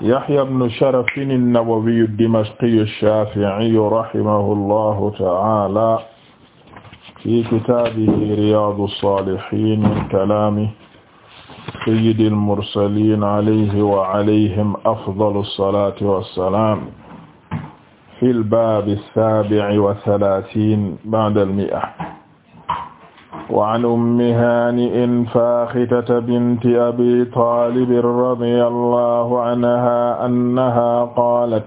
Yahya ibn Sharaf an-Nawawi ad-Dimashqi ash-Shafi'i rahimahullahu ta'ala fi kitaabihi Riyadu as-Salihin min kalaami sayyidil mursaliin alayhi wa alayhim afdalu as-salaati was-salaam fil baabi as-saabi'i wa thalaatiin ba'da al-mi'a وعن أم هانئ فاختة بنت أبي طالب رضي الله عنها أنها قالت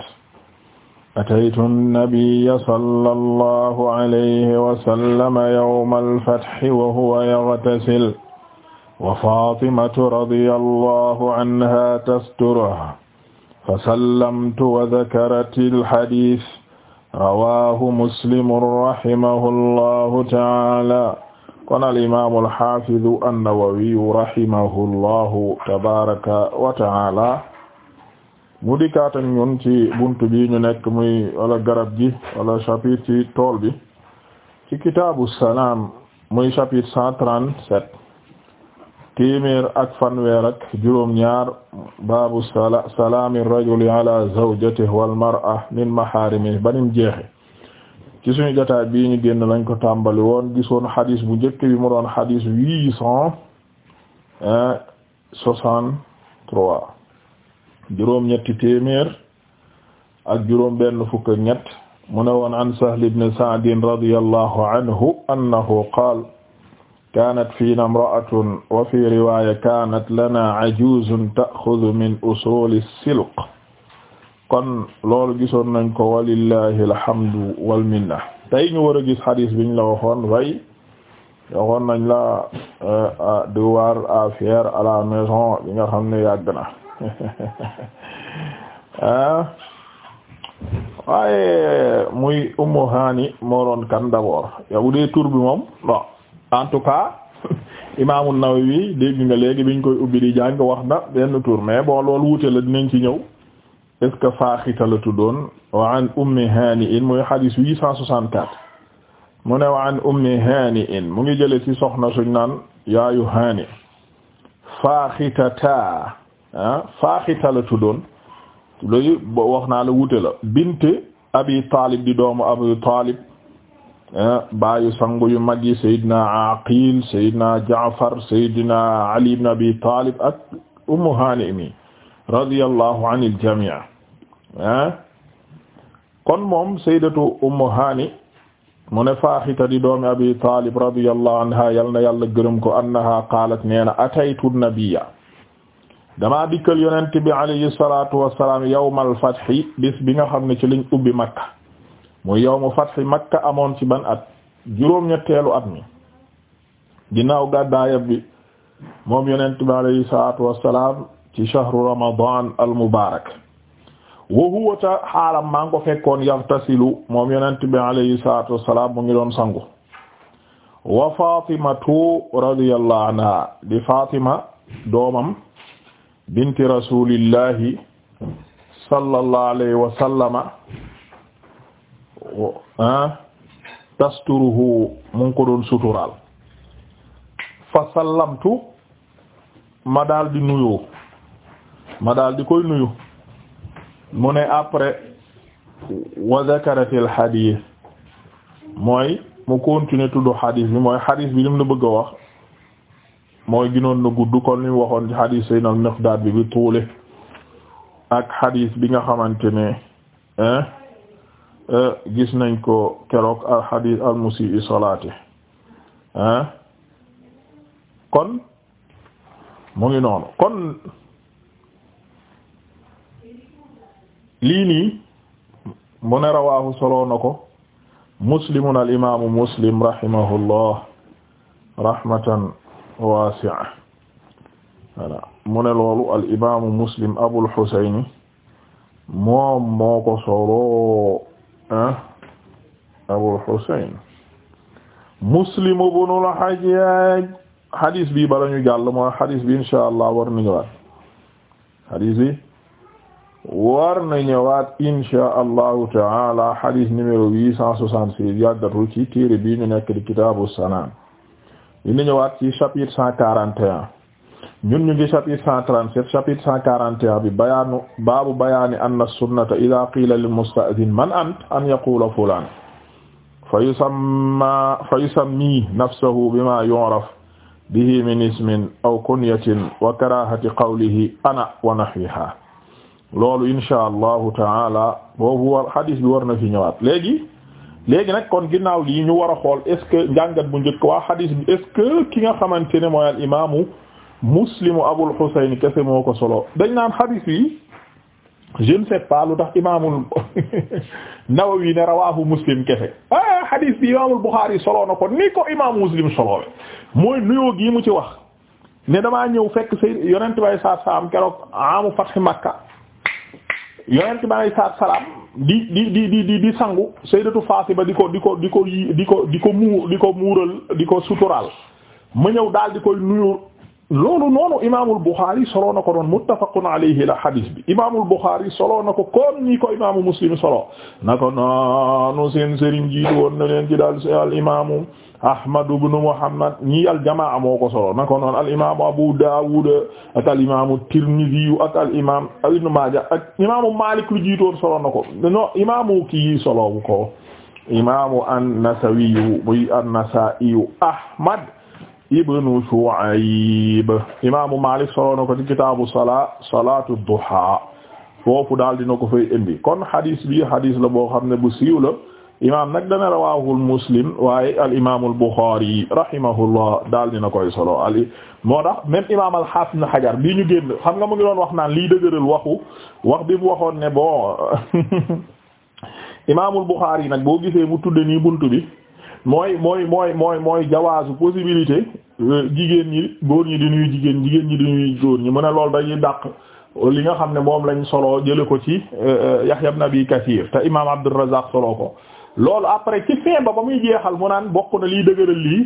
أتيت النبي صلى الله عليه وسلم يوم الفتح وهو يغتسل وفاطمة رضي الله عنها تستره فسلمت وذكرت الحديث رواه مسلم رحمه الله تعالى kon al imaam al xaafidu an-Nawawi rahimahullahu wa ta'ala mu dikkaat ak ñun ci bunt bi ñu nekk muy wala garab gi wala chapitre ci tool bi ci kitaabu salaam muy chapitre cent trente-sept téeméer ak fanweer ak juróom-ñaar baabu rajuli ala zawjatihi wal mar'a min maharimihi banim jeexe ci suñu jotaay bii ñu génn lañ ko tàmbali woon gisoon xadis bu njëkk bi mu doon xadis huit cent eh, soixante-trois juróom ñetti téeméer ak juróom benn fukk ak ñett mu ne woon an Sahl ibn Sa'd radiyallahu anhu annahu qaal kaanat fiina imra'atun fi riwaaya kaanat lana ajuuzun ta'xudu min usuuli silq kon loolu gisoon nañ ko walillahi alhamdu wal minna tey ñu war a gis hadis biñ la waxoon way waxoon nañ la euh, devoir à faire à la maison bi nga xam ne yàgg na ah. waaye muy Ummu Hani moo doon kan d'abord yow dee tur bi moom bon en tout cas Imaamu Nawawi dégg nga léegi biñ koy ubbi di jàng wax na benn tour mais bon loolu wuute la dinañ ci ñëw. est-ce que faaxita mu ngi jële ci soxna suñ naan yaayu haani faaxitata ah faaxita la tuddoon loolu wax naa la wute la abi taalib di doomu abi taalib baayu sangu yu mag yi aqil saydna jaafar saydna ali ibn abi taalib ak ummu haani mi radiyallahu anil jamii ah kon moom sayyidatu ummu haani mu ne faaxita di doomi abi talib radiyallahu anha yal na yàlla gërëm ko annaha qaalat nee na ataytu nabiyya damaa dikkal yonent bi alayhi salatu wassalam yawmal fathi bis bi nga xam ne ci lañ ubbi makka mu yawmu fathi makka amoon ci ban at juróom-ñetteelu at mi ginnaaw gàddaayab bi moom yonent bi alayhi salatu wassalam ci shahru ramadan al wa huwa ta xaalam maa ngi ko fekkoon yaftasilu moom alayhi salaatu wassalaam mu ngi doon sangu wa fatimatu radiyallahu anha di fatima doomam binti rasulillahi sallallahu alayhi wa sallama tasturuhu mu ngi ko doon suturaal fa sallamtu ma daal di nuyu ma koy nuyu mu ne après wa zakara fil hadith mooy mu continuer tudd hadith bi mooy hadith bi lim la bëgg a wax mooy ginoon na gudd kon li mu waxoon ci hadith say nag Miqdaad bi bi tuule ak hadith bi nga xamante ne euh, gis nañ ko keroog al hadith al musii salaati kon mu ngi noonu kon lii nii mu ne rawaahu soloo na ko muslimun al imaamu muslim rahimahullah rahmatan waasi'a voilà mu loolu al muslim abul xusayni moom moo ko soloo abul xusayn muslim ibnul hajjaaj xadis bi bala ñu jàll mooy xadis bi inshaa Allah war nañu war na ñëwaat insha allahu taala hadith numéro huit cent soixante six yàggatul ci téere bi ñu nekk di kitaabu salaam dina ñëwaat ci chapitre cent quarante et un ñun ñu ngi chapitre cent trente sept chapitre cent quarante et un bi bayaanu baabu bayaani anna sunnata ida qiila lil musta'zin man ant an yaqula fulaan fa yusamma fa yusammi nafsahu bima yu'raf bihi min ismin aw kunyatin wa karahati qawlihi ana wa nahwiha loolu insha allahu taala boobu war hadis bi war na fi ñëwaat léegi léegi nag kon ginnaaw gi ñu war a xool est ce que njàngat mu njëkk waa hadis bi est ki nga xamante ne mooy al imaamu muslimu abul husayn kese moo ko solo dañ naan hadis yi je ne sais pas lu tax imaamul nawawi ne rawaahu muslim kese ah hadis bi imaamul buxaari solo na ko ni ko imaamu muslim soloowe mooy nuyoo gi mu ci wax ne damaa ñëw fekk say yonent bay saa am keroog amu fathi makka. yonent bi alayhi salaatu salaam di di di di di di sangu sayyidatu Fatima di ko di ko di ko di ko di ko muur di ko muural di ko sutural ma ñëw daal di koy nuyu loolu noonu imaamul Buxaari solo na ko doon muttafaqun alayhi la hadis bi imaamul Buxaari solo na ko comme ni ko imaamu Muslim solo na ko noonu seen sëriñ jiitu woon na leen ci daal al imaamu Ahmad ibn Muhammad ñii al jamaa moo ko solo na ko noonu al imaamu Abu Daawud ak al imaamu Tirmidhi ak al imaam Ibn Maaja ak imaamu Maalik lu jiitu woon solo na ko non imaamu kii solo ko imaamu an-Nasawi buy an-Nasaa'i Ahmad. ibnu Shu'ayb imaamu Maalik soloo na ko ci kitaabu salaa salaatu duhaa foofu daal dina ko fay indi kon hadis bi hadis la boo xam ne bu siiw la imaam nag dana rawaahul Muslim waaye al imaamul Buxaari rahimahullah daal dina koy imaam al-Haafiz Ibn Hajar ñu génn xam nga mu ngi doon wax naan lii dëgëral waxu wax bi mu waxoon ne bon imaamul Buxaari nag boo gisee mu tudde nii buntu bi. mooy mooy mooy mooy mooy jawaasu possibilité euh, jigéen ñi góor ñi di nuyu jigéen jigéen ñi di nuyu góor ñi mu ne loolu dañuy dàq li nga xam ne moom lañ solo jële ko ci euh, euh, Yahya ibn Abi Kathir te imaam Abdur Razzaq solo ko loolu après ci fin ba ba muy jeexal mu naan bokk na liy dëgëral lii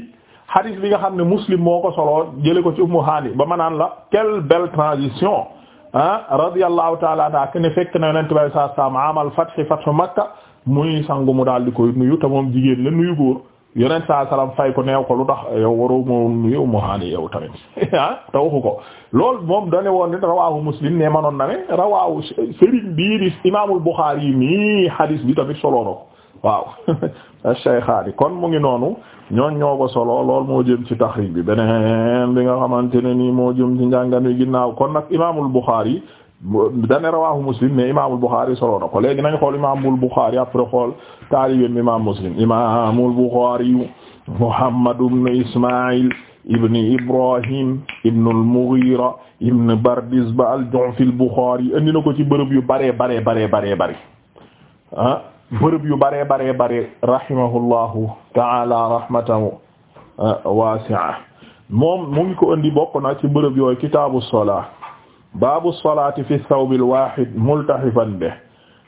hadith bi nga xam ne Muslim moo ko solo jële ko ci Ummu Hani ba ma naan la quelle belle transition ah radiyallahu ta'ala anha ne fekk na ne bi sallallahu alayhi wa sallam amal fath fath Makka muy sangu mu daal di koy nuyu te moom jigéen la nuyu góor yonent saa salaam fay ko neew ko lu tax yow waroo moo nuyu Muhaani yow tamit ah te ko lool moom dane woon nit rawaahu Muslim ne manoon na ne rawaahu Serigne biiris Imaamul Buxaari yi nii hadis bi tamit solo na ko waaw Shaykhaani kon mu ngi noonu ñoon ñoo ko solo lool moo jëm ci taxriij bi beneen bi nga xamante ne nii moo jëm ci njànga wi ginnaaw kon nag Imaamul yi dane rawahu muslim mais imamul Bukhari soloo na ko léegi nañ xool imamul Bukhari après xool taalibem imam muslim imamul Bukhari Muhammad ibn Ismaïl ibn Ibrahim ibn al-Mughira ibn Bardizba al-Ju'fi al-Bukhari andi na ko ci bërëb yu bare bare bare bare bare ah bërëb yu bare bare bare rahimahullahu ta'ala moom mu ngi ko andi bokk na ci bërëb yooyu kitaabu baabu salaati fi lu wahid multahifan be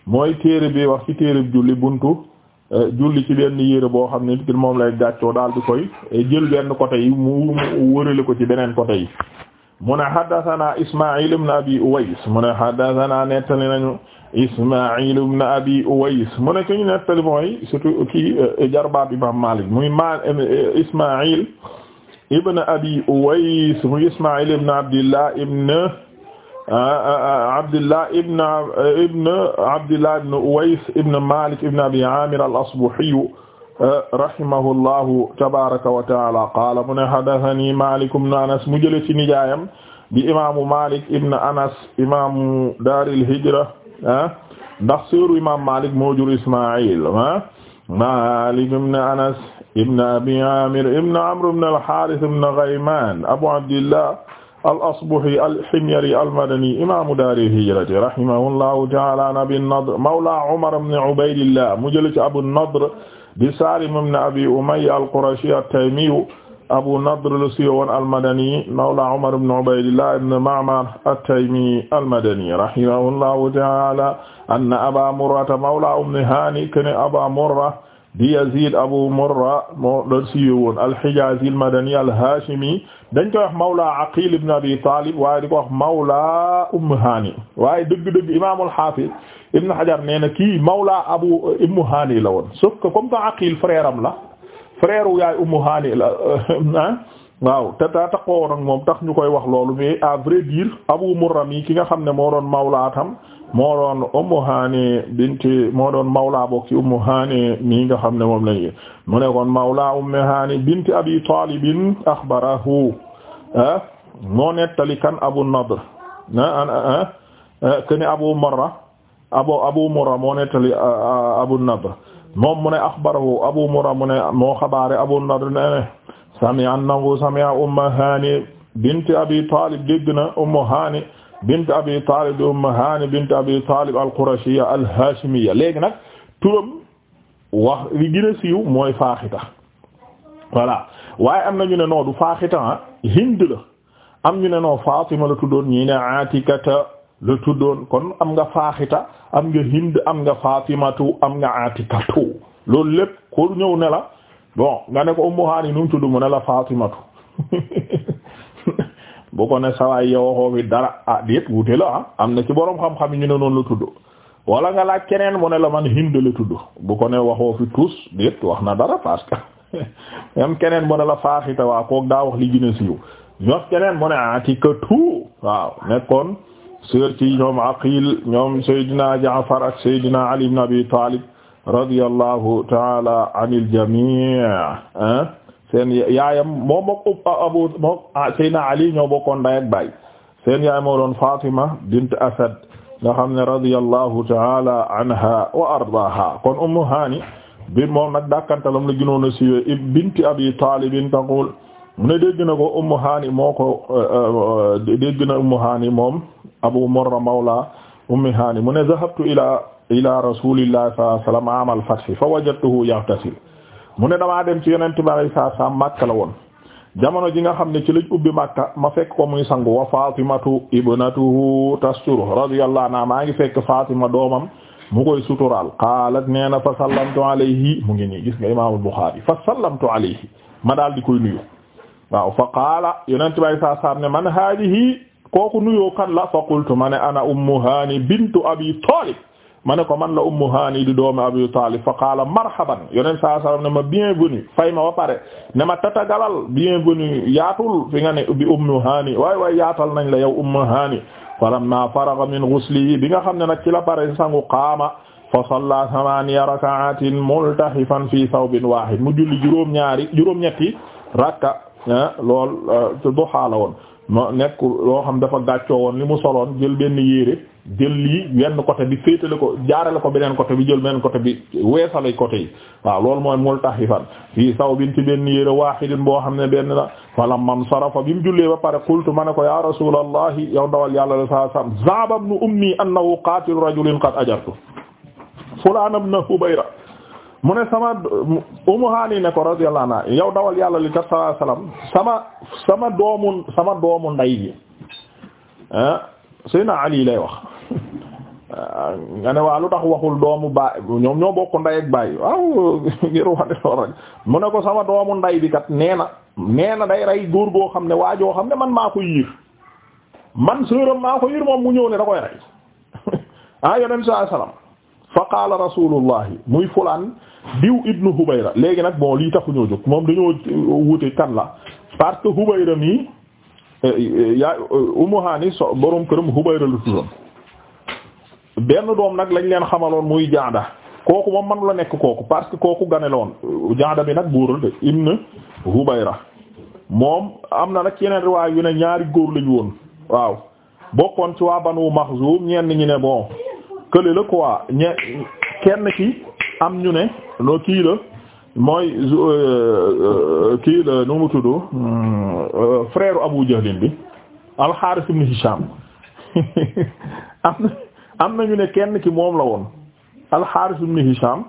mooy téere bi wax ci téere bi julli buntu eh, julli ci benn yére boo xam ne nit moom lay gàccoo daal di koy eh, jël benn côté yi mu ko ci beneen côté mu ne haddathana ismail ibn abi uways mu ne haddathana nettali nañu ismail ibn abi uways mu ne ki nettali mooy surtout eh, jarbaat imam malik muy ma ismail ibn abi uways muy ismail ibn abdillah ibn Ah, ah, ah, Abdillah ibn eh, ibn Abdillah ibn Uways ibn Malik ibn Abi Amir al-Asbahi eh, rahimahullahu tabaraka wa taala qaala mu ne hadathani Malik ibn Anas mu jële ci nijaayam di imaamu Malik ibn Anas imaamu daaril hijra ah ndax seeru imaam Malik moo jur Ismaïl ah Malik ibn Anas ibn Abi Amir ibn Amr ibn al-Harith ibn Ghayman Abu Abdillah al-Asbahi al-Himyari al-Madani imaamu daari hijrati rahimahullahu ta'ala an Abi Nadr mawla Umar ibn Ubaydillah mu jël ci Abu Nadr di Saalim ibn Abi Umayya al-Qurashi at-Taymi Abu Nadr la siiwoon al-Madani mawla Umar ibn Ubaydillah ibn Ma'mar at-Taymi al-Madani rahimahullahu ta'ala anna Aba Murrata mawla Umm Hani kaana Aba Murra di Yazid Abu Murra moo la siiwee woon al-Hijazi al-Madani al dañ koy wax Mawla Aqil ibn Abi Talib waaye di ko wax Mawla umm waaye dëgg-dëgg Imaam al-Hafiz Hajar nee na kii Mawla Abu Umm Hani la woon sauf que comme que Aqil frère la frère wu yaay Umm Hani la ah waaw te daa moom tax ñu koy wax loolu mais à vrai Abu Murra mi ki nga xam ne moo doon Mawla tam. moo doon Ummu Haani binti moo doon mawla bokk ci Haani nga xam ne moom lañu mu ne kon mawla Ummu Haani binti Abi Taalib axbarahu ah, moo nettali kan Abu Nadr ah, ah, kene Abu Murra Abu Abu Murra moo nettali Abu Nadr moom mu ne Abu Murra moo xabaare Abu Nadr ne sami'a annahu sami'a Ummu Haani binti Abi Taalib dégg na Ummu Haani bint abi talib di umm haani bint abi talib al-qurashiyya al-hashimiyya léegi nag turam wax li siiw mooy faaxita voilà waaye am na ñu ne noo du faaxita ah. hind la am ñu ne noo faatima la tuddoon ñii ne atikata la tuddoon kon am nga faaxita am nga hind am nga faatimatu am nga atikatu loolu lépp ko ñëw ne la bon nga ne ko ummu haani nu mu mu ne faatimatu bu ko ne sawaay yow waxoo fi dara ah déet wute la ah, am na ci boroom xam-xam yi ñu ne noonu la tudd wala nga laaj keneen mu ne la man hind la tudd bu ko ne waxoo fi tuus déet wax na dara parce que même keneen mu ne la faaxita waa kook daa wax li gën a siiw ñox keneen mu ne atikatu waaw nekkoon sœur ci ñoom aqil ñoom Seydina Jaafar ak Seydina Ali ibn Abi Talib radiyallahu ta'ala anil jami' seen yaayam moom mook abu moom ah, Ali ñoo bokkoon ndey ak baay seen yaay moo doon bint Asad nga xam ne radiyallahu ta'ala anha wa ardaaha kon Ummu Hani bi moom nag dàkkantalam la gënoon a siiwee binti Abi Talib taqul mu ne dégg ko Ummu Hani euh, euh, moom Abu Murra mawla Ummi Hani mu ne zahabtu ila ila rasulillahi amal fath fa wajadtuhu yaghtasil mu ne damaa dem ci yonent bi alayhi salaatu salaam Makka la woon jamono ji nga xam ne ci lañ ubbi Makka ma fekk ko muy sangu wa Fatimatu ibnatuhu tasturu radiyallahu anha maa ngi fekk Fatima doomam mu koy suturaal qaalat nee na fa sallamtu alayhi mu ngi nii gis nga imaamul Buxaari fa sallamtu alayhi ma daal di koy nuyu waaw fa qaala yonent bi alayhi salaatu salaam ne man haadihi kooku nuyoo kan la fa qultu ma ne ana ummu haani bintu abi Taalib ma ne ko man la ummu haani di doomi abi talib fa qaala marhaban yonent saa sallam ne ma bienvenue fay ma ba pare ne ma tatagalal bienvenue yaatul fi nga ne bi ummu haani waay waay yaatal nañ la yow ummu haani falamma faraga min ghuslihi bi nga xam ne nag ci la pare sangu qaama fa salla thamaniya rak'atin multahifan fi thawbin wahid mu julli juróom ñaari juróom ñetti rakka ah, lool ah, duha la woon ma nekk loo xam dafa gàccoo woon li mu soloon jël benn yére jël lii wenn côté bi féetale ko jaarale ko beneen côté bi jël beneen côté bi weesale côté yi waaw loolu mooy multahifan fii sawbin ci benn yére waahidin boo xam ne benn la fala man sarafa bi mu jullee ba pare qultu ma ne ko ya rasulallahi yow dawal yàlla la saa sam zaaba ibnu ummi annahu qaatilu rajulin qad ajartu fulaan ibn hubayra mu ne sama umu haani ne ko radiyallahu anha yow dawal yàlla li kat sallallahu alayhi wasallam sama sama doomu sama doomu nday ji ah Seydina Ali lay wax nga ne waa lu tax waxul doomu baay ñoom ñoo bokk nday ak baay waaw ngir wane lool rek mu ne ko sama doomu nday bi kat nee na nee na day rey góor goo xam ne waajoo xam ne man maa ko yiir man sëram maa ko yiir moom mu ñëw ne da koy rey ah yonent saa salaam fa qaala rasulullahi muy fulaan diw ibnu Hubayra léegi nag bon lii taxuñoo jóg moom dañoo wute kan la parce que Hubayra nii eh, eh, yaa eh, Ummu Haani so borom këram Hubayra lu tuddoon benn doom nag lañ leen xamaloon muy jaada kooku moom man la nekk kooku parce que kooku ganeloon jaada bi nag góoral de ibn Hubayra moom am na nag yeneen riwaay yu ne ñaari góor lañu woon waaw bokkoon ci waa Banu Maxzum ñenn ñi ne bon kële la quoi ñe kenn ki am ñu ne loo kii la mooy euh, euh, kii la nu mu tudd euh, frère Abu Jahlin bi al Hisham am na am na nañu ne kenn ki moom la woon al-Harith ibn Hisham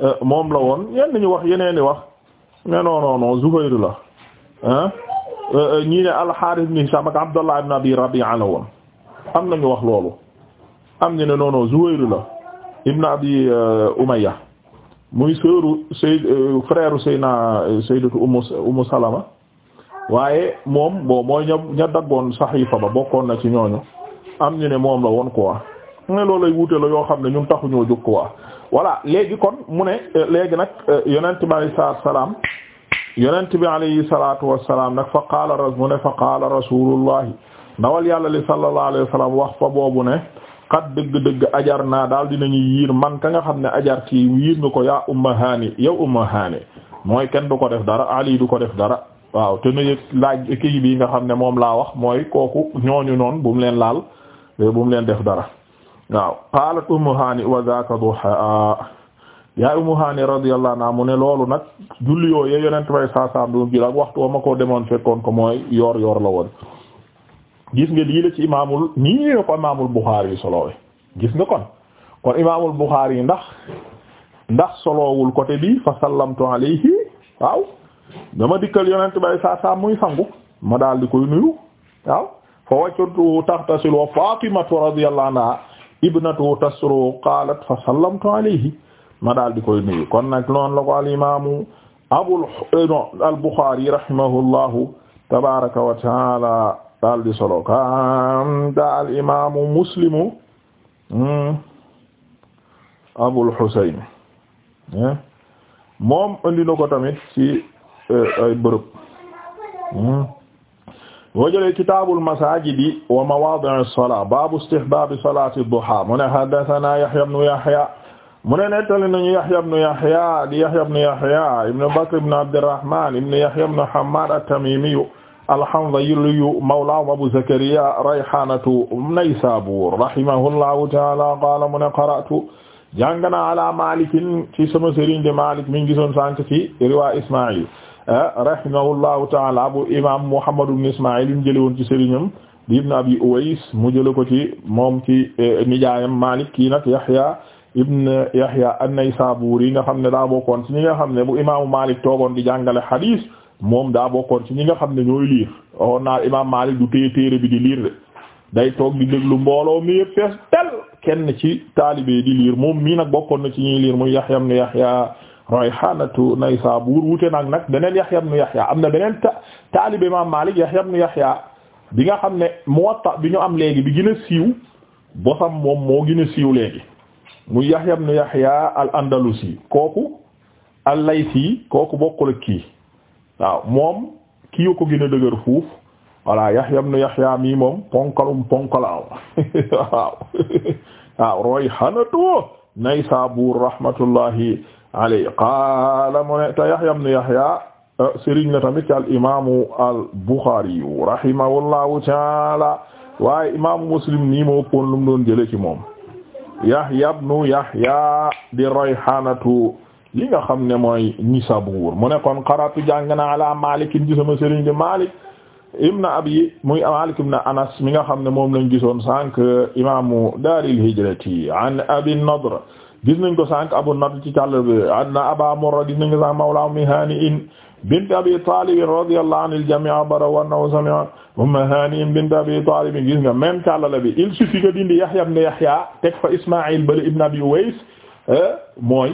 euh, moom la woon yenn ñu wax yeneen i wax mais la euh, euh, ñii ne al-Harith ibn Hisham ak Abdallah ibn Abi Rabi'a la woon am wax loolu am ñu ne non non la ibn Abi Umayya muy sœuru Sayd frère Seyna Sayyidatu Ummu Ummu Salama waaye moom bon mooy ña ña daggoon saxiifa ba bokkoon na ci ñooñu am ñu ne moom la woon quoi. mu ne loolay wuute la yoo xam ne ñun taxuñoo jóg quoi voilà léegi kon mu ne euh, léegi nag euh, yonent bi alayhi salaatu salaam yonent bi alayhi salaatu wassalaam nag fa qaala mu ne fa qaala rasuulullahi ndawal yàlla li sallallahu alayhi wa sallam wax fa boobu ne xat dëgg-dëgg ajar naa daal dinañu yiir man ka nga xam ne ajar ci yiir nga ko yaa umma haani yow umma haani mooy kenn du ko def dara ali du ko def dara waaw te nuyë laaj kii bi nga xam ne moom laa wax mooy kooku ñooñu noonu bu mu leen laal bu mu leen def dara waaw qalat ummu hani wa zaka duha yaay ummu hani radiyallahu mu ne loolu nag julli yoo yonent bay saasaam waxtu wa ko demoon fekkoon ko mooy yoor la woon gis nga lii la ci imaamul nii la imaamul Buxaari solowee gis nga kon kon imaamul Buxaari ndax ndax solowul côté bi fa sallamtu alayhi waaw dama dikkal yonent bay saasaam muy sangu ma daal di koy nuyu waaw fa waccutu taxtasil wa Faatimatu radiyallahu anha ibnatu tasru qalat fa sallamtu alayhi ma daal di koy nuyu kon nag noonu la ko al imamu abul eh, al bukhari rahimahullahu tabaraka wa taala daal di solo kanta al imamu muslimu hmm, abul husayn eh, moom andi na ko tamit ci eh, ay bërëb hmm. boo jëlee kitaabul masaajidi wa mawaadi'i salaa baabu istihbaabi salaati duhaa mu ne haddasanaa Yahyaa ibnu Yahyaa mu ne nettali nañu Yahyaa ibnu Yahyaa di Yahyaa ibnu Yahyaa ibnu Bakr ibnu Abdirrahmaan ibnu Yahyaa ibnu Hammaad at-Tamiimiyu al-Hanzaliyu mawlaahum Abuu Zakariyaa Rayhaanatu Naysaabuur rahimahullaahu ta'aalaa qaala mu ne qara'tu jàng naa alaa Maalik ci sama sëriñ de Maalik mi ngi gisoon sànq ci riwaa Ismaa'iil Ah rahimahullahu taala bu imam Muhammad ibn Ismaïl mu jëlee woon ci sëriñam di ibn Abi Uways mu jëlee ko ci moom ci eh, nijaayam Malik kii nag Yahya ibn Yahya an-Naysaburi nga xam ne daa bokkoon ci ñi nga xam ne bu imaamu Malik toogoon di jàngale hadis moom daa bokkoon ci ñi nga xam ne ñooy liir waxoon du téye téere bi di liir day toog di déglu mbooloo mi fees tel kenn ci taalibe di liir moom mii nag bokkoon na ci ñuy liir muy Yahya ibn Yahya rayhanatu Naysabur wute nag nag beneen Yahya ibn Yahya am na beneen taalibe Imam Malik Yahya ibn Yahya bi nga xam ne Muwatta bi ñu am léegi bi gën a siiw bosam moom moo gën a siiw léegi mu Yahya ibn Yahya al-Andalusi kooku al-Laythi kooku bokkul ak kii waaw moom kii yu ko gën a dëgër fuuf voilà Yahya ibn Yahya mii moom ponkalum ponkalaaw waaw waaw rayhanatu Naysabur rahmatullahi ali qaala mu ne te Yahya ibn Yahya sëriñ la tamit al imaamu al Bukhari rahimahullahu taala waaye imaamu Muslim nii moo ëppoon lu mu doon jëlee ci moom Yahya ibn Yahya di Rayhaanatu li nga xam ne mooy Nisabur mu ne kon qaratu jàng na ala Maalik ci sama sëriñ di Maalik ibn Abi muy Maalik ibn Anas mi nga xam ne moom lañ gisoon sànq imaamu daaril hijrati an Abi Nadr gis nañ ko sànq abu nadr ci càll bi anna aba murra gis nañ ko sànq mawla mihani in bint abi talib radiyallahu anil jami' abara wa annahu sami'a umma hani in bint abi talib gis nga même càll bi il suffit nga dindi yahya ibn yahya teg fa isma'il bal ibn abi uways Euh, mooy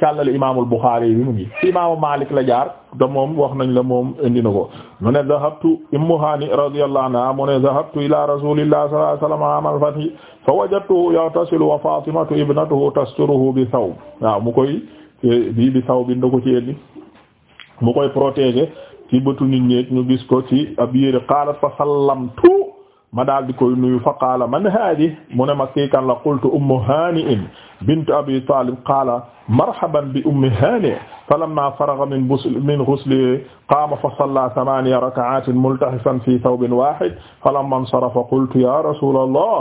càllale imaamul Buxaari bi mu ngi ci imaamu Maalik la jaar te wax nañ la moom indi na ko mu ne zahabtu Ummu Haani radiyallahu anha mu ne zahabtu ila rasuulillahi sallallahu alayhi wa sallam amal fathi fa wajadtuhu yaghtasilu wa Faatimatu ibnatuhu tasturuhu bi thawb waaw mu koy bii bi thawb bi ko ci indi mu koy protéger ci bëtu nit ñi ñu gis ko ci ab yére qaalat fa sallamtu ma daal di koy nuyu fa qaala man haadi mu ne ma kii kan la qultu ummu haani'in bintu abi talib qaala marhaban bi ummi haani falamma faragha min ghusli min ghusli qaama fa salla thamaniya rak'atin multahisan fi thawbin wahid falamma insarafa qultu ya rasulallah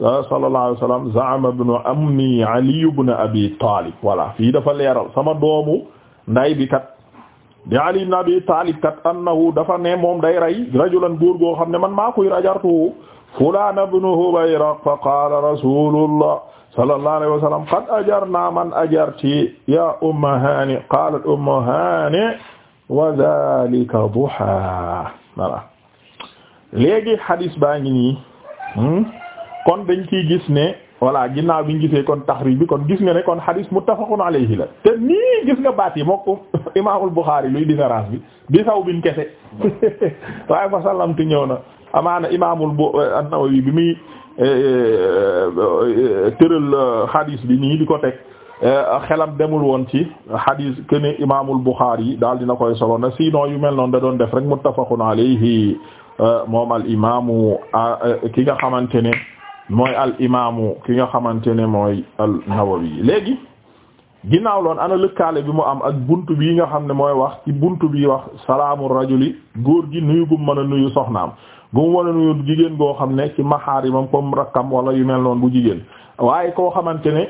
sallallahu alayhi wa sallam za'ama ibnu ammi ali ibnu abi talib voilà fii dafa leeral sama doomu nday bi kat di Ali ibn Abi Talib kat annahu dafa ne moom day rey rajulan góor goo xam ne man maa koy rajartu fulaan ibn Hubayra fa qaala rasulullah sallallahu alayhi wa sallam qad ajarna man ajarti ya umma hani qaalat umma hani wa dhalika duha voilà léegi hadis baa ngi nii hmm? kon dañ ciy gis ne voilà ginnaaw bi gisee kon taxriij bi kon gis nga ne kon xadis muttafaqun alayhi la te nii gis nga baat yi moo ko imaamul Buxaari luy différence bi bi saw bin kese waaye fa sallamtu ñëw na amaana imaamul eh, an bi muy eh, eh, tëral xadis bi nii di ko teg xelam demul woon ci xadis que ne imaamul Buxaari daal dina koy solo na sinon yu mel noonu da doon def rek muttafaqun alayhi moom al imaamu ki nga xamante ne mooy al imaamu ki nga xamante ne mooy al Nawawi léegi ginnaaw loon ana lëkkaale bi mu am ak bunt bii nga xam ne mooy wax ci bunt bi wax salaamu rajuli góor gi nuyu bu mën a nuyu soxnaam gum mën a nuyu jigéen goo xam ne ci maxaarimam kom rakkam wala yu mel noon bu jigéen waaye koo xamante ne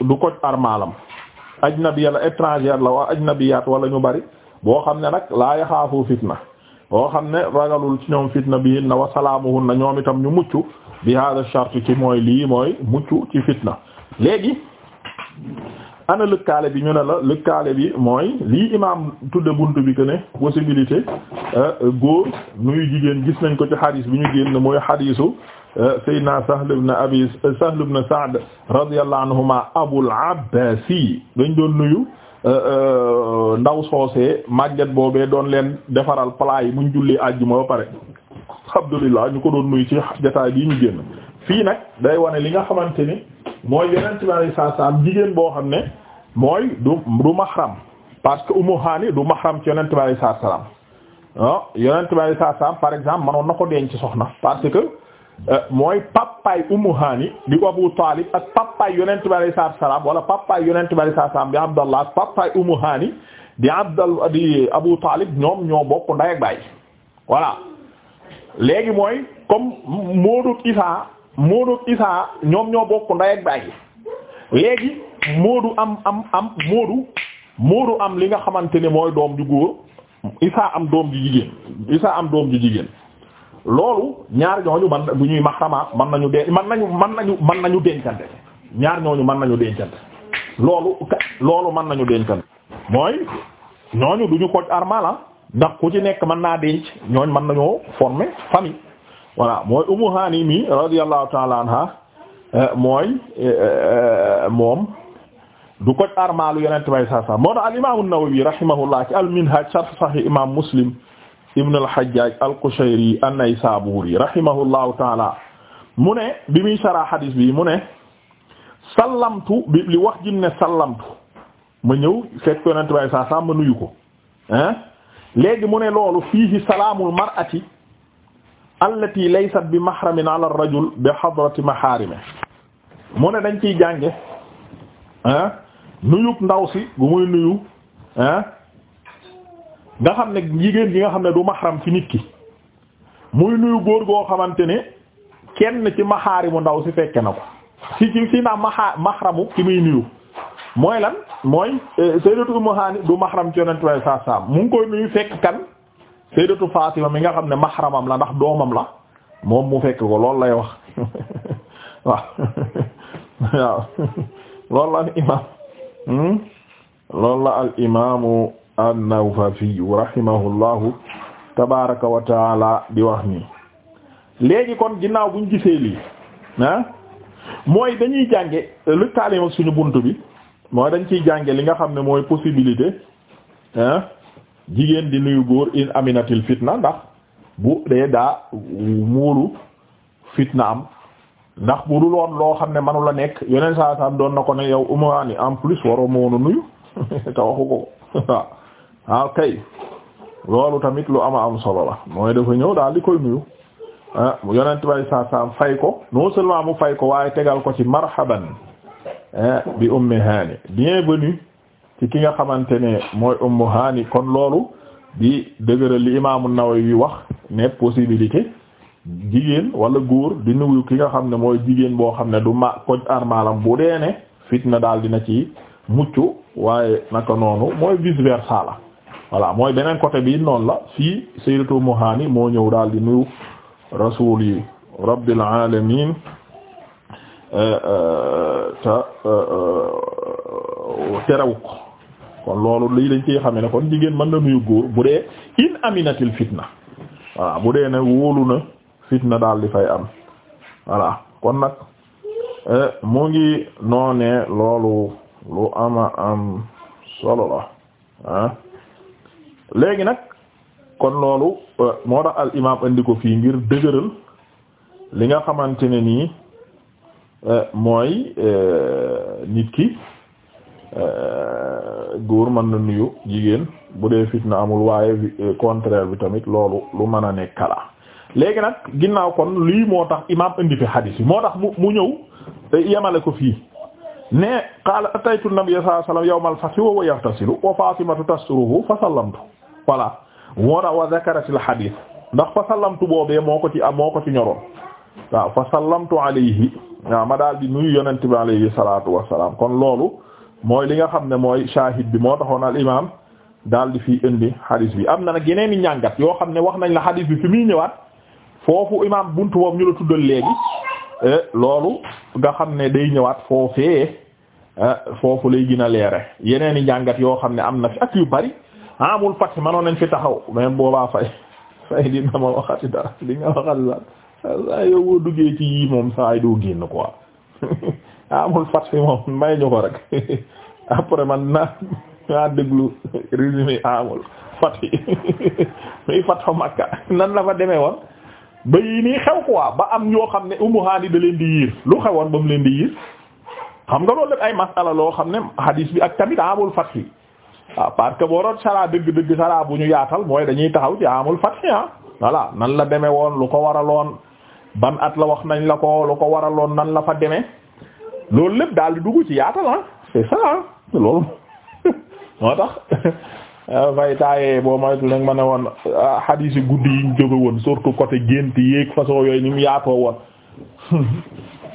du ko armaalam ajnabi la étranger la waa ajnabiyaat wala ñu bari boo xam ne nag laa yaxaafu fitna boo xam ne ragalul ci ñoom fitna bi na wa salaamuhunna ñoom ñu mucc bi hada shart ci mooy lii mooy mucc ci fitna léegi ana lëkkaale bi ñu ne la lëkkaale bi mooy lii imaam tudde bunt bi que ne possibilité euh, góor nuyu jigéen gis nañ ko ci xadiis bi ñu génn mooy xadiisu euh, Seydina Sahl ibn Abi Sahl ibn Sa'd radiyallahu anhuma Abul Abbasi dañ doon nuyu euh, ndaw soose màgget boobee doon leen defaral palaa yi muñ jullee àjjuma ba pare alhamdulillah ñu ko doon nuyu ci jotaay bii ñu génn fii nag day wane li nga xamante ni mooy yeneen tubaab yi saa jigéen boo xam ne mooy du du mahram parce que Ummu Haani du mahram ci yeneen tubaab yi salaam ah yeneen tubaab yi saa salaam par exemple manoon na ko denc soxna parce que euh, mooy papaay Ummu Haani di Abu Taalib ak papaay yeneen tubaab yi saa salaam wala papaay yonent tubaab yi saa salaam di Abdallah ak papaay Ummu Haani di Abdal di Abu Taalib ñoom ñoo bokk ndey léegi mooy comme Moodu Isa Moodu Isa ñoom ñoo bokk ndey ak baay léegi Moodu am am am Moodu Moodu am li nga xamante ne mooy doom ju góor Isa am doom ju jigéen Isa am doom ju jigéen loolu ñaar ñooñu man bu ñuy maxramaat man nañu de man nañu man nañu man nañu dencante ñaar ñooñu mën nañu dencante loolu loolu mën nañu dencante mooy ñooñu duñu koj armala ah. ndax ku ci nekk mën naa denc ñooñ mën nañoo former famille voilà mooy Ummu Hani mi radiyallahu ta'ala anha euh, mooy euh, moom du ko armaalu yonent bay saa saa moo tax al imaamu Nawawi rahimahullah ci al minhaj sharh sahih imaam Muslim ibn al al Qushayri an-Naysaburi rahimahullahu ta'ala mu ne bi muy saraa xadiis bi mu ne sallamtu bi li wax jim sallamtu ma ñëw fekk yonent bay saa ma nuyu ko hein léegi mu ne loolu fiihi salaamul mar'ati allati laysat bi mahramin ala ar-rajul bi hadrati maharimi mu ne dañ ciy jànge ah nuyub ndaw si bu muy nuyu nga xam ne jigéen gi nga xam ne du mahram ci nit ki muy nuyu góor goo xamante ni kenn ci maxaarimu ndaw si fekke na ko si ci si naa maxa mahramu ki muy nuyu mooy lan mooy euh, sayyidatu Ummu Hani du mahram ci yonent way saa saam mu ngi koy nuyu fekk kan sayyidatu Fatima mi nga xam ne mahramam la ndax doomam la moom mu fekk ko loolu lay wax waaw waaw loolu la al imam hmm? loolu la al imamu an-Nawfafi rahimahullahu tabaraka wa taala di wax nii léegi kon ginnaaw buñ gisee lii ah mooy dañuy jànge lu taalim suñu bunt bi mooy dañ ciy jànge li nga xam ne mooy possibilité hein jigéen di nuyu góor in aminatil fitna ndax bu dee daa muuru fitna am ndax bu dul woon loo xam ne manu la nekk yeneen saa doon na ko ne yow umaani en plus waroo ma woon a nuyu te waxu ko waaw ah, kay loolu tamit lu ama am solo la mooy dafa ñëw daal di koy nuyu ah yonent bay saa saa fay ko non seulement mu fay ko waaye tegal ko ci marhaban Eh, bi ummi haani bienvenue ci ki nga xamante ne mooy ummu haani kon loolu di dëgëral li imaamu yu wax ne possibilité jigéen wala góor di nuyu ki nga xam ne mooy jigéen boo xam ne du ma koj armalam bu dee ne fitna daal dina ci mucc waaye naka noonu mooy vice versa la voilà mooy beneen côté bi noonu la fii sayyidatu ummu haani moo ñëw daal di nuyu rasuul yi rabbil alamin eh, eh, te euh, euh, euh, terewu ko kon loolu lii lañ ciy xamee kon jigéen mën na nuyu góor bu dee in aminatil fitna voilà bu dee ne wóolu na fitna daal di fay am voilà kon nag eh, mu ngi noonee loolu lu ama am solo la ah. léegi nag kon loolu moo tax al imaam andi ko fii ngir dëgëral li nga xamante ne nii. Euh, mooy euh, nit ki euh, góor mën na nuyu jigéen bu dee fitna amul waaye contraire bi tamit loolu lu mën a nekk la léegi nag ginnaaw kon lii moo tax imaam indi fi xadiis moo tax mu mu ñëw yemale ko fii ne qaala ataytu nabiyya sallallahu alayhi wa sallam yawmal fathi wa huwa yaghtasilu wa Faatimatu tasturuhu fa sallamtu voilà moo tax wa zakaratil xadiis ndax fa sallamtu boobee moo ko ci moo ko ci ñoroon waaw fa sallamtu alayhi waaw ma daal di nuyu yonent bi alayhi salaatu wassalaam kon loolu mooy li nga xam ne mooy shahid bi moo taxoon al imaam daal di fi indi hadith bi am na nag yeneen i ñàngat yoo xam ne wax nañ la hadith bi fi muy ñëwaat foofu imaam buntu boobu ñu la tuddal léegi eh, loolu nga xam ne day ñëwaat foofee eh, foofu lay gën a leere yeneen i njàngat yoo xam ne am na fi ak yu bari amul pàcc mënoon nañ fi taxaw mais boobaa fay fay dina ma waxati dara li nga waxal la waaye yow boo duggee ci yii moom saa yi doo génn quoi amul fas fi moom may ñu ko rek après man naa naa déglu résumé amul fat yi muy fat fa Makka nan la fa demee woon ba yii nii xew quoi ba am ñoo xam ne Ummu Haani da leen di yiir lu xewoon ba mu leen di yiir xam nga loolu lépp ay masala loo xam ne hadis bi ak tamit amul fat yi waaw que boo doon saraa dëgg-dëgg saraa bu ñu yaatal mooy dañuy taxaw ci amul fat yi ah voilà nan la deme woon lu ko waraloon ban at la wax nañ la ko lu ko waraloon nan la fa demee loolu lépp daal di dugg ci yaatal ah c'est ça ah loolu moo tax fay taayee boo moytu nag ma ne woon ah, xadiisi guddi yi ñu jóge woon surtout côté gént yéeg façon yooyu ni mu yaatoo woon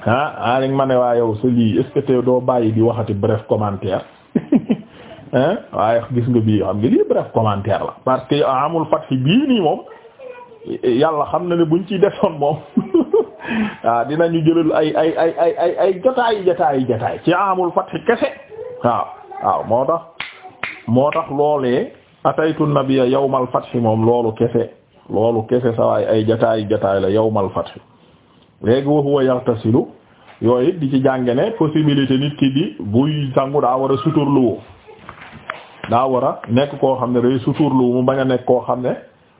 ah ah nag ma ne waa yow sa lii est doo bàyyi di waxati bref commentaire hein ah, waaye gis nga bii xam nga lii bref commentaire la parce que amul fat fi bii nii moom yàlla xam na ne buñ ci defoon moom waaw ah, dinañu jëlal ay ay ay ay ay ay jotaay ci amul fath kese waaw waaw moo tax moo tax loolee ataytu nabiyya yawmal fath moom loolu kese loolu kese sawaay ay jotaayi jotaay la yawmal fath léegi wa huwa yooyu it di ci jànge ne possibilité nit ki di buy sangu daa war a suturluwu daa war a nekk koo xam ne day suturluwu mu bañ a nekk koo xam ne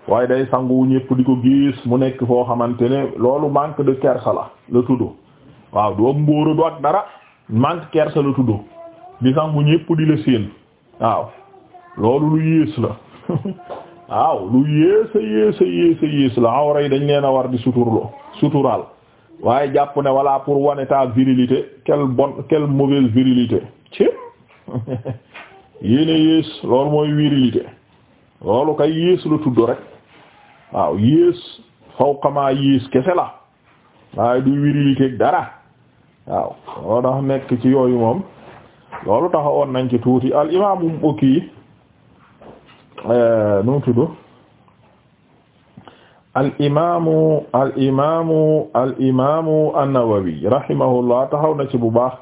waaye day sangu ñëpp di ko gis mu nekk foo xamante ne loolu manque de kersa la la tudd waaw du ak mbóoru du ak dara manque kersa la tudd di sangu ñëpp di la séen waaw loolu lu yées la waaw lu yées a yées a yées la awra yi dañ leen a war di suturloo sutural waaye jàpp ne voilà pour wane ta virilité quelle bonne quelle mauvaise virilité ci yéene yées loolu mooy virilité loolu kay yées la tudd rek waaw yées fawqamaa yées kese la waaye di virilité dara waaw loo nekk ci yooyu moom loolu taxawoon nañ ci tuuti al imaamu kii eh, nu mu tudd al imaamu al imaamu al nawawi rahimahullah taxaw na ci bu baax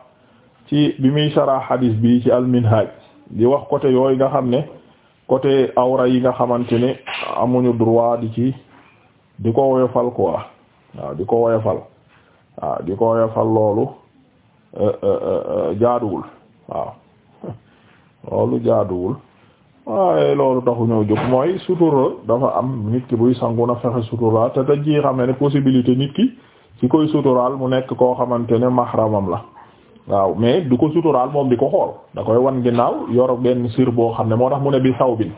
ci bi muy sharah hadis bi ci al minhaj di wax côté yooyu nga xam ne côté awra yi nga xamante ne amuñu droit di ci di ko woyofal quoi waaw di ko woyofal waaw di ko woyofal loolu eh, eh, eh, jaaduwul waaw loolu jaaduwul waaye loolu taxu ñëw jóg mooy sutura dafa am nit ki buy sangu na fexe sutura te dañ ciy xam ne possibilité nit ki ci koy suturaal mu nekk koo xamante ne mahramam la waaw mais du ko suturaal moom di ko xool da koy wan ginnaaw yor benn sir boo xam ne moo tax mu ne bi saw bi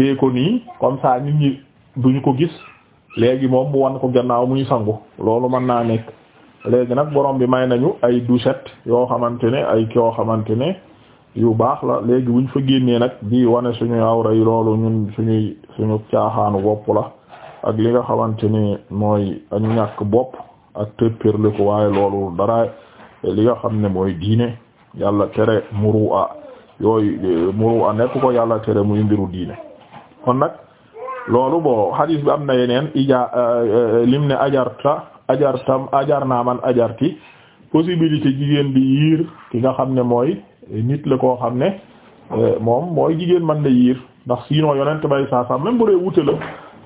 téye ko nii comme ça nit ñi duñu ko gis léegi moom mu wan ko gannaaw muy sangu loolu mën naa nekk léegi nag borom bi may nañu ay douchette yoo xamante ne ay koo xamante ne yu baax la léegi wuñ fa génnee nag di wane suñuy awra yi loolu ñun suñuy suñu caaxaanu bopp la ak li nga xamante ni mooy ak ñàkk bopp ak tëppërli ko waaye loolu dara li nga xam ne mooy diine yàlla tere muru a yooyu muru a nekk ko yàlla tere muy mbiru diine kon nag loolu bo hadis bi am na yeneen ija euh, lim ne ajarta ajartam ajar naa man ajarti possibilité jigéen bi yiir ki nga xam ne mooy nit la koo xam ne euh, moom mooy jigéen man la yiir ndax sinon yonent bay saa saa même bu dee wute la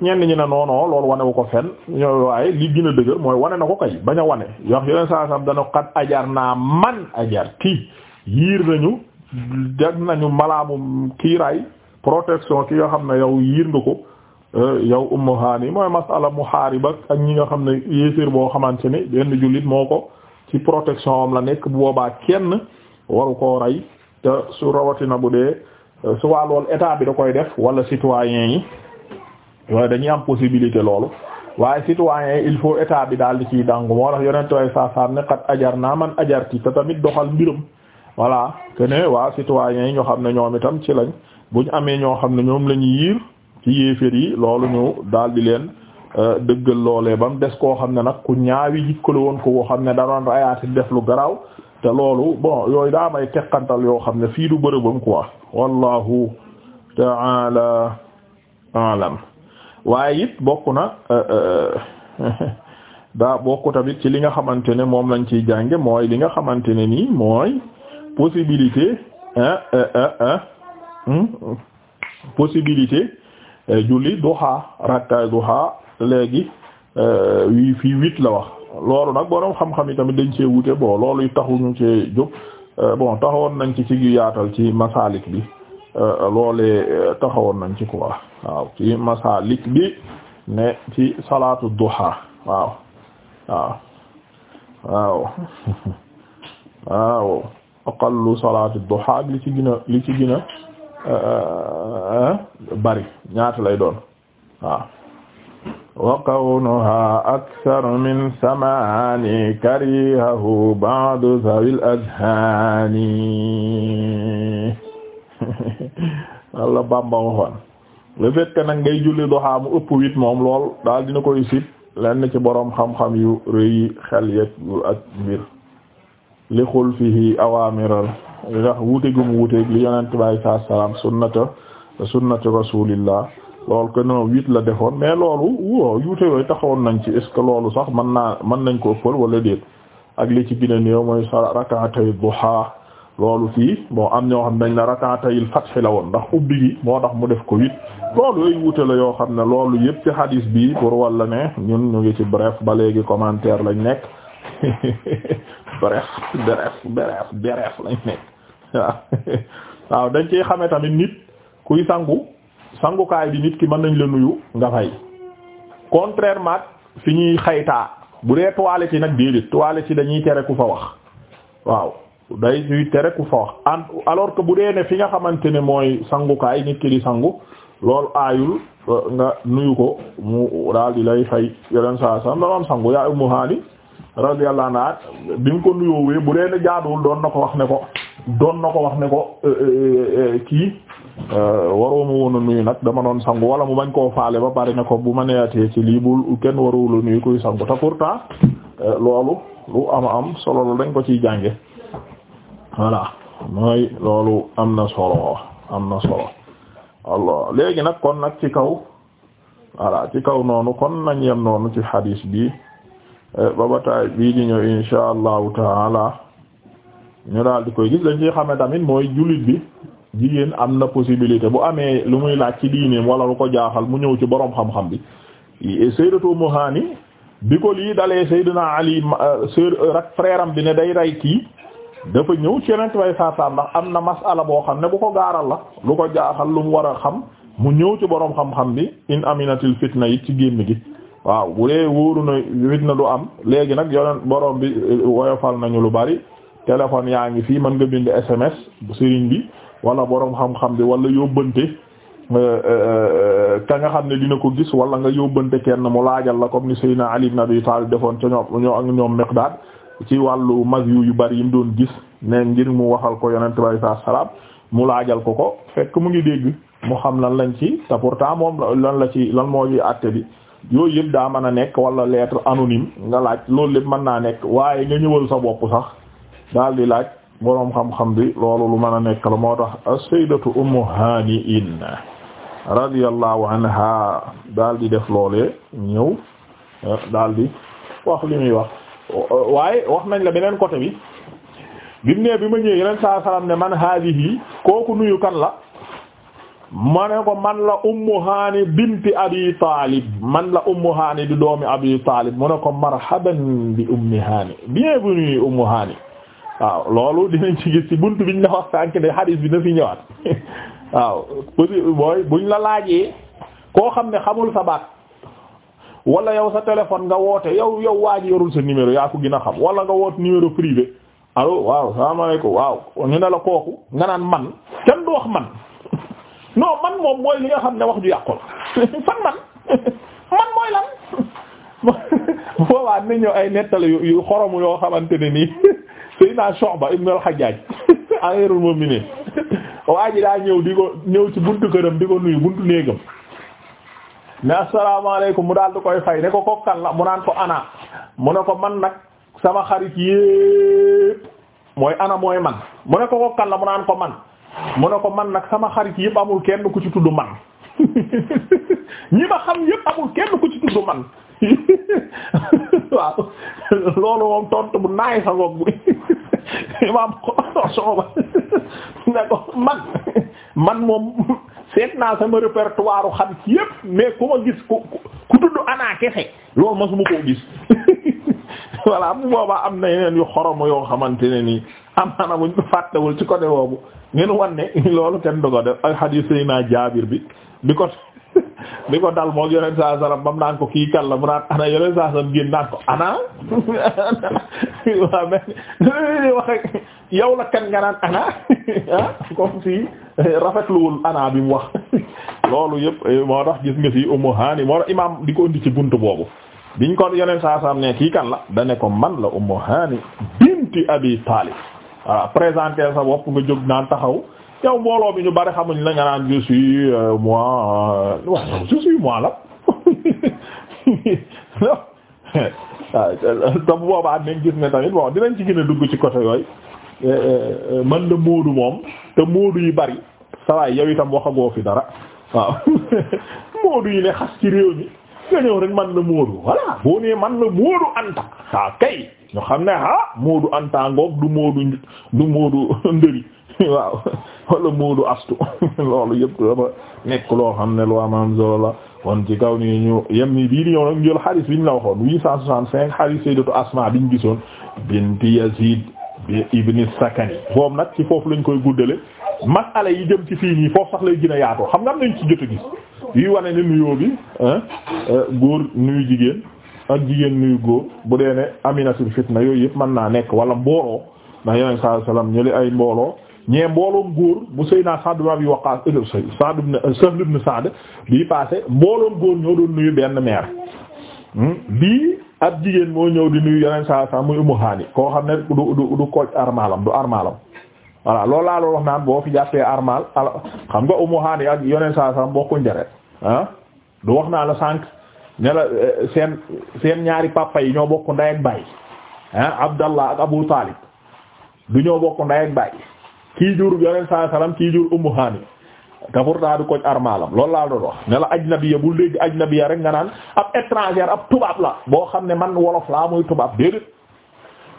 ñenn ñi ne noonoo loolu wane wu ko fenn ñooy waaye li gën a dëgër mooy wane na ko kay baña a wane yox yonent saa saa dana xat ajar naa man ajar ti yiir nañu jag nañu malaamum kiiraay protection ki nga xam ne yow yiir nga ko euh, yow ummu haani mooy masala muhaarib ak ñi nga xam ne yéeféer boo xamante ne benn julit moo ko ci protection am la nekk bu boobaa kenn waru ko rey te su rawatina bu dee euh, su waa loolu état bi da koy def wala citoyen yi waaye dañuy am possibilité loolu waaye citoyen yi il faut état bi daal di ciy dàngu moo tax yonent way saasaar ne xat ajar naa man ajar ci te tamit doxal mbiram voilà que ne waa citoyen yi ñoo xam ne ñoom itam ci lañ buñ amee ñoo xam ne ñoom lañu ñu yiir ci yéefér loolu ñu daal leen euh, dëggal loolee ba mu des koo xam ne nag ku ñaawi jikkalu woon ko koo xam ne danoon rayaati def lu garaaw te loolu bon yooyu daa may teqantal yoo xam ne fii du bërëbam quoi wallahu ta'ala a'lam waaye it bokk na euh, euh, daa bokk tamit ci li nga xamante ne moom lañ ciy jànge mooy li nga xamante ne nii mooy possibilité Hmm? possibilité eh, julli duha rakkaay duha léegi wi eh, fii huit la wax loolu nag borom xam-xam yi tamit dañ cee wute bon loolu taxuñu cee jóg eh, bon taxawoon nañ ci ci yaatal ci masalik bi loole taxawoon nañ ci quoi waaw ci masalik bi ne ci salaatu duha waaw waaw waaw waaw aqallu salaatu duha li ci gën li ci gën Euh, bari ñaata lay doon waaw wa qawnuha akthar min samani karihahu ba'du zawil azhani walla Bamba waxoon le fait que ngay julli duha mu ëpp huit moom lool daal dina koy sit lenn ci boroom xam-xam yu rëy xel yeg ak mbir li xulfihi awamiral ndax wuute gu mu wuuteeg li yonent bi alayhi salaatu wa salaam sunnata sunnata rasulillah loolu que non la defoon mais loolu waaw yuute yooyu taxawoon nañ ci est ce que loolu sax mën naa mën nañ ko ëppal wala déet ak li ci gën a néew mooy sa rak'atay duha loolu fii bon am ñoo xam nañ la rak'atay al-fath la woon ndax ubbi gi moo tax mu def ko huit loolu yooyu wuute la yoo xam ne loolu yëpp ci hadis bi pour wala ne ñun ñu ngi ci bref ba léegi commentaire lañ nekk bref bref bref bref waaw dañ ciy xame tamit nit kuy sangu sangukaay bi nit ki mën nañ la nuyu nga fay contrairement fi ñuy xaytaa bu dee toilette yi nag déedéet toilette yi dañuy tere ku fa wax waaw day ñuy tere ku fa wax alors que bu dee ne fi nga xamante ne mooy sangukaay nit ki di sangu loolu aayul euh, nga nuyu ko mu daal di lay fay yeneen saa sax maanaam sangu yaa Ummu Haani radiyallahu anha bi mu ko nuyoowee bu dee ne jaaduwul doon na ko wax ne ko. doon na ko wax ne ko eh, eh, eh, kii waroo ma woon a nuyu nag dama doon sangu wala mu bañ koo faale ba pare ne ko bu ma neexatee ci lii bul kenn waruwul a nuyu kuy sangu te pourtant loolu lu am am solo la dañ ko ciy jànge voilà mooy loolu am na solo am na solo Allah léegi nag kon nag ci kaw voilà ci kaw noonu kon nañ yem noonu ci hadis bi ba bataay bii ñëw insha allahu taala ñu daal di koy gis lañ xame tamit mooy jullit bi jigéen am na possibilité bu amee lu muy laaj ci diineem wala lu ko jaaxal mu ñëw ci borom xam-xam bi Sayyidatu Ummu Haani bi ko lii dalee Sayyidina Ali sœur rak frère bi ne day rey kii dafa ñëw ci yeneen way saasaam ndax am na masala boo xam ne bu ko gaaral la lu ko jaaxal lu mu war a xam mu ñëw ci borom xam-xam bi in aminatil fitna yi ci génn gi waaw bu dee wóoru na fitna du am léegi nag yonen nañu lu bari téléphone yaa ngi fii mën nga bind SMS sëriñ bi wala boroom xam-xam bi wala yóbbante euh, euh, euh, ka nga xam ne dina ko gis wala nga yóbbante kenn mu laajal la ko ni Seydina Ali ibn Abi defoon ca ñoom ñoo ak ñoom Miqdaad ci wàllu mag yu bari yi mu doon gis ne ngir mu waxal ko yonent bi saa salaam mu laajal ko ko fekk mu ngi dégg mu xam lan lañ ci te pourtant moom lan la ci lan moo ci àtte bi yooyu yëpp daa mën a nekk wala lettre anonyme nga laaj loolu lépp mën naa nekk waaye nga ñëwal sa bopp sax. daal di laaj boroom xam-xam bi loolu lu mën a nekk la moo tax as-sayyidatu ummu haani'in radiyallahu anha daal di def loolee ñëw daal di wax li muy wax waaye wax nañ la beneen côté bi bi mu ne bi ma ñëwee yeneen saa salaam ne man haadihi kooku nuyu kan la ma ne ko man la ummu haani binti abi taalib man la ummu haani di doomi abi taalib mu ne ko marhaban bi ummi haani bienvenue ummu haani waaw loolu dinañ ci gis ci bunt biñ la wax sànk ne xadiis bi na fi ñëwaat waaw aussi booy buñ la laajee koo xam ne xamul sa baat wala yow sa téléphone nga woote yow yow waa ji yorul sa numéro yaa ko gën a xam wala nga woote numéro privé allo waaw salaamaaleykum waaw ñu ne la kooku nga naan man kenn du wax man non man moom mooy li nga xam ne wax ju yàqul fan man man mooy lan boobaa ne ñëw ay nettali yu xoromu yoo xamante ne nii Seydina Shu'ba ibn al-Hajjaj amirul mu'minin waa ji daa ñëw di ko ñëw ci buntu këram di ko nuyu buntu néegam ne asalaamaaleykum mu daal di koy fay ne ko kokkan la mu naan ko ana mu ne ko man nag sama xarit yépp mooy ana mooy man mu ne ko kokkan la mu naan ko man mu ne ko man nag sama xarit yépp amul kenn ku ci tudd man ñi xam yépp amul kenn ku ci tudd man waaw loolu moom tontu bu naay sa ngoog bi imam Shu'ba ne ko man man moom seet naa sama répertoire xam ci yépp mais ku ma gis ku ku tudd ana kese loolu ma su koo gis voilà bu boobaa am na yeneen yu xorom yoo xamante ne nii am na buñ ko fàttewul ci côté boobu ngeen wan ne loolu kenn du ko def ak hadith Seydina Jaabir bi bi li ko dal moo yoneen saa salam bam naan ko kii kal la mu naan ana yoneen saa salam génn naan ko ana waaw mais li wax yow la kan nga naan ana ah, comme si rafetluwul ana bi mu wax loolu yëpp eh, moo tax gis nga fi Ummu Hani moo tax imaam di ko indi ci buntu boobu biñ ko yoneen saa salam ne kii kan la da ko man la Ummu Hani binti Abi Talib voilà présenté sa bopp nga jóg naan taxaw yow mbooloo bi ñu bari xamuñ la nga naan je suis euh, euh, waaw je suis la ah, te bu boobaa nañ gis ne tamit bon dinañ ci gën a dugg ci côté yooyu eh, eh, eh, man la Moodu moom te Moodu yu bari sawaay yow itam waxagoo fi dara waaw Moodu yi ne xas ci réew mi nga ñëw rek man la Moodu voilà boo nee man la Moodu Anta waaw ah, kay ñu xam ne ah Moodu Anta ngoog du Moodu du Moodu Ndëri waaw wala muudu astu loolu yëpp dafa nekk loo xam ne lu am am solo la kon ci kaw nii ñu yem ni bii di ñëw nag jël xadis bi ñu la waxoon huit cent soixante-cinq xadis sayyidatu Asma bi ñu gisoon binti Yazid bi ibni Sakani foofu nag ci foofu lañ koy guddale masala yi jëm ci fii nii foofu sax lay gën a yaatoo xam nga am nañ ci jot a gis yuy wane ne nuyoo bi euh, góor nuyu jigéen ak jigéen nuyu góor bu dee ne amina fitna yooyu yëpp mën naa nekk wala mbooloo ndax yeneen ay mbooloo ñee mbooloom góor bu Seydina Sa'd ibn Abi Waqqas Sa'd bii passé mbooloom góor ñoo doon nuyu benn mère hmm? bii ab jigéen moo ñëw di nuyu yeneen saa saa muy Ummu Haani koo xam ne du du kooj armalam du armalam voilà loolu laa doon wax naan boo fi jàppee armal ala xam nga Ummu Haani ak yeneen saa saa bokkuñ deret ah? du wax naa la sànq ne euh, seen seen ñaari papa yi ñoo bokk ndey ak baay ah? Abdallah ak Abu Talib du ñoo bokk ndey ak baay kii jur yoneen saa salaam kii jur ummu haani te pourtant du ko armaalam loolu laa doon wax ajnabiya bul dégg ajnabiya rek nga naan ab étranger ab tubaab la boo xam ne man wolof laa muy tubaab déedéet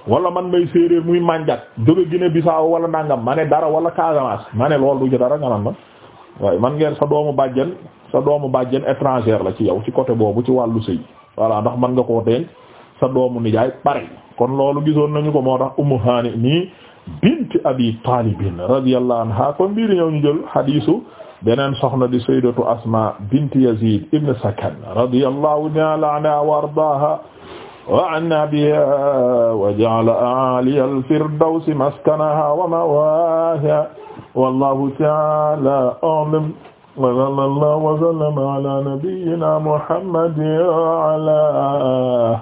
wala man may séeréer muy mànjat jóge Guinée Bissau wala nangam ma ne dara wala Casamance ma ne loolu du dara nga naan ma waaye man ngeen sa doomu bàjjen sa doomu bàjjen étranger la ci yow ci côté boobu ci wàllu sëy voilà ndax man nga koo denc sa doomu nijaay pare kon loolu gisoon nañu ko moo tax ummu haani nii binti abi talibin radiyallahu anha kon mbir ñëw ñu jël hadisu beneen soxna di sayyidatu asma binti yazid ibn sakan radiyallahu ta'ala anha wa ardaha wa anna biha wa ja'ala a'aliya al-firdawsi maskanaha wa ma'waha wallahu ta'ala a'lam wa sallallahu wa sallama ala nabiyyina muhammadin wa ala